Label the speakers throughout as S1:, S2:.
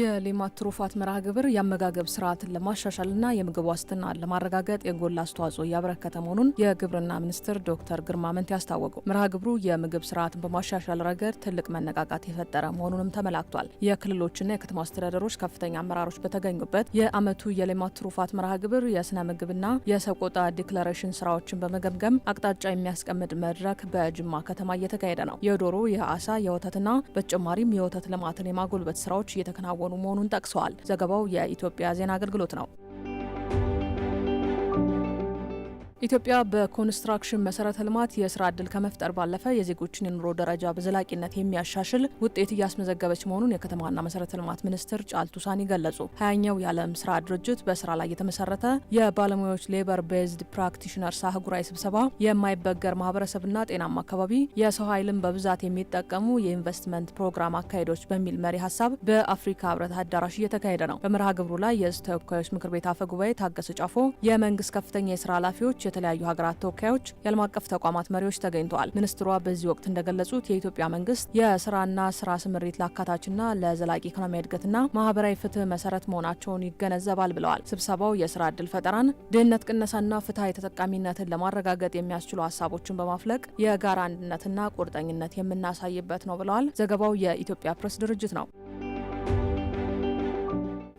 S1: የሌማት ትሩፋት መርሃ ግብር የአመጋገብ ስርዓትን ለማሻሻልና የምግብ ዋስትናን ለማረጋገጥ የጎላ አስተዋጽኦ እያበረከተ መሆኑን የግብርና ሚኒስትር ዶክተር ግርማ መንት አስታወቁ። መርሃ ግብሩ የምግብ ስርዓትን በማሻሻል ረገድ ትልቅ መነቃቃት የፈጠረ መሆኑንም ተመላክቷል። የክልሎችና የከተማ አስተዳደሮች ከፍተኛ አመራሮች በተገኙበት የአመቱ የሌማት ትሩፋት መርሃ ግብር የስነ ምግብና የሰቆጣ ዲክለሬሽን ስራዎችን በመገምገም አቅጣጫ የሚያስቀምጥ መድረክ በጅማ ከተማ እየተካሄደ ነው። የዶሮ የአሳ የወተትና በተጨማሪም የወተት ልማትን የማጎልበት ስራዎች እየተከናወኑ መሆኑን ጠቅሰዋል። ዘገባው የኢትዮጵያ ዜና አገልግሎት ነው። ኢትዮጵያ በኮንስትራክሽን መሰረተ ልማት የስራ ዕድል ከመፍጠር ባለፈ የዜጎችን የኑሮ ደረጃ በዘላቂነት የሚያሻሽል ውጤት እያስመዘገበች መሆኑን የከተማና መሰረተ ልማት ሚኒስትር ጫልቱ ሳኒ ገለጹ። ሀያኛው የዓለም ስራ ድርጅት በስራ ላይ የተመሰረተ የባለሙያዎች ሌበር ቤዝድ ፕራክቲሽነርስ አህጉራዊ ስብሰባ የማይበገር ማህበረሰብና ጤናማ አካባቢ የሰው ኃይልን በብዛት የሚጠቀሙ የኢንቨስትመንት ፕሮግራም አካሄዶች በሚል መሪ ሀሳብ በአፍሪካ ህብረት አዳራሽ እየተካሄደ ነው። በመርሃ ግብሩ ላይ የተወካዮች ምክር ቤት አፈ ጉባኤ ታገሰ ጫፎ፣ የመንግስት ከፍተኛ የስራ ኃላፊዎች የተለያዩ ሀገራት ተወካዮች፣ የዓለም አቀፍ ተቋማት መሪዎች ተገኝተዋል። ሚኒስትሯ በዚህ ወቅት እንደገለጹት የኢትዮጵያ መንግስት የስራና ስራ ስምሪት ለአካታችና ለዘላቂ ኢኮኖሚያዊ እድገትና ማህበራዊ ፍትህ መሰረት መሆናቸውን ይገነዘባል ብለዋል። ስብሰባው የስራ እድል ፈጠራን፣ ድህነት ቅነሳና ፍትሐዊ ተጠቃሚነትን ለማረጋገጥ የሚያስችሉ ሀሳቦችን በማፍለቅ የጋራ አንድነትና ቁርጠኝነት የምናሳይበት ነው ብለዋል። ዘገባው የኢትዮጵያ ፕሬስ ድርጅት ነው።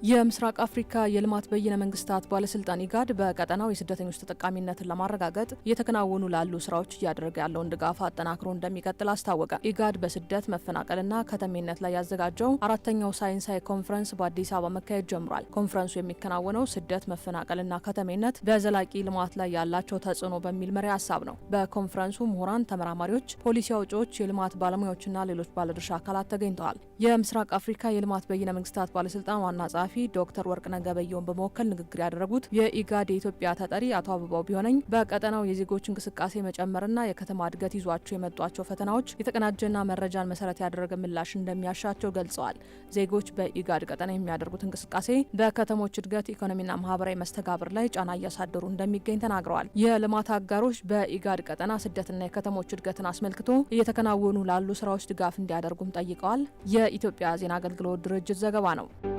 S1: የምስራቅ አፍሪካ የልማት በይነ መንግስታት ባለስልጣን ኢጋድ በቀጠናው የስደተኞች ተጠቃሚነትን ለማረጋገጥ እየተከናወኑ ላሉ ስራዎች እያደረገ ያለውን ድጋፍ አጠናክሮ እንደሚቀጥል አስታወቀ። ኢጋድ በስደት መፈናቀልና ከተሜነት ላይ ያዘጋጀው አራተኛው ሳይንሳዊ ኮንፈረንስ በአዲስ አበባ መካሄድ ጀምሯል። ኮንፈረንሱ የሚከናወነው ስደት መፈናቀልና ከተሜነት በዘላቂ ልማት ላይ ያላቸው ተጽዕኖ በሚል መሪ ሀሳብ ነው። በኮንፈረንሱ ምሁራን፣ ተመራማሪዎች፣ ፖሊሲ አውጪዎች፣ የልማት ባለሙያዎችና ሌሎች ባለድርሻ አካላት ተገኝተዋል። የምስራቅ አፍሪካ የልማት በይነ መንግስታት ባለስልጣን ዋና ጸሐፊ ኃላፊ ዶክተር ወርቅነህ ገበየሁን በመወከል ንግግር ያደረጉት የኢጋድ የኢትዮጵያ ተጠሪ አቶ አበባው ቢሆነኝ በቀጠናው የዜጎች እንቅስቃሴ መጨመርና የከተማ እድገት ይዟቸው የመጧቸው ፈተናዎች የተቀናጀና መረጃን መሰረት ያደረገ ምላሽ እንደሚያሻቸው ገልጸዋል። ዜጎች በኢጋድ ቀጠና የሚያደርጉት እንቅስቃሴ በከተሞች እድገት፣ ኢኮኖሚና ማህበራዊ መስተጋብር ላይ ጫና እያሳደሩ እንደሚገኝ ተናግረዋል። የልማት አጋሮች በኢጋድ ቀጠና ስደትና የከተሞች እድገትን አስመልክቶ እየተከናወኑ ላሉ ስራዎች ድጋፍ እንዲያደርጉም ጠይቀዋል። የኢትዮጵያ ዜና አገልግሎት ድርጅት ዘገባ ነው።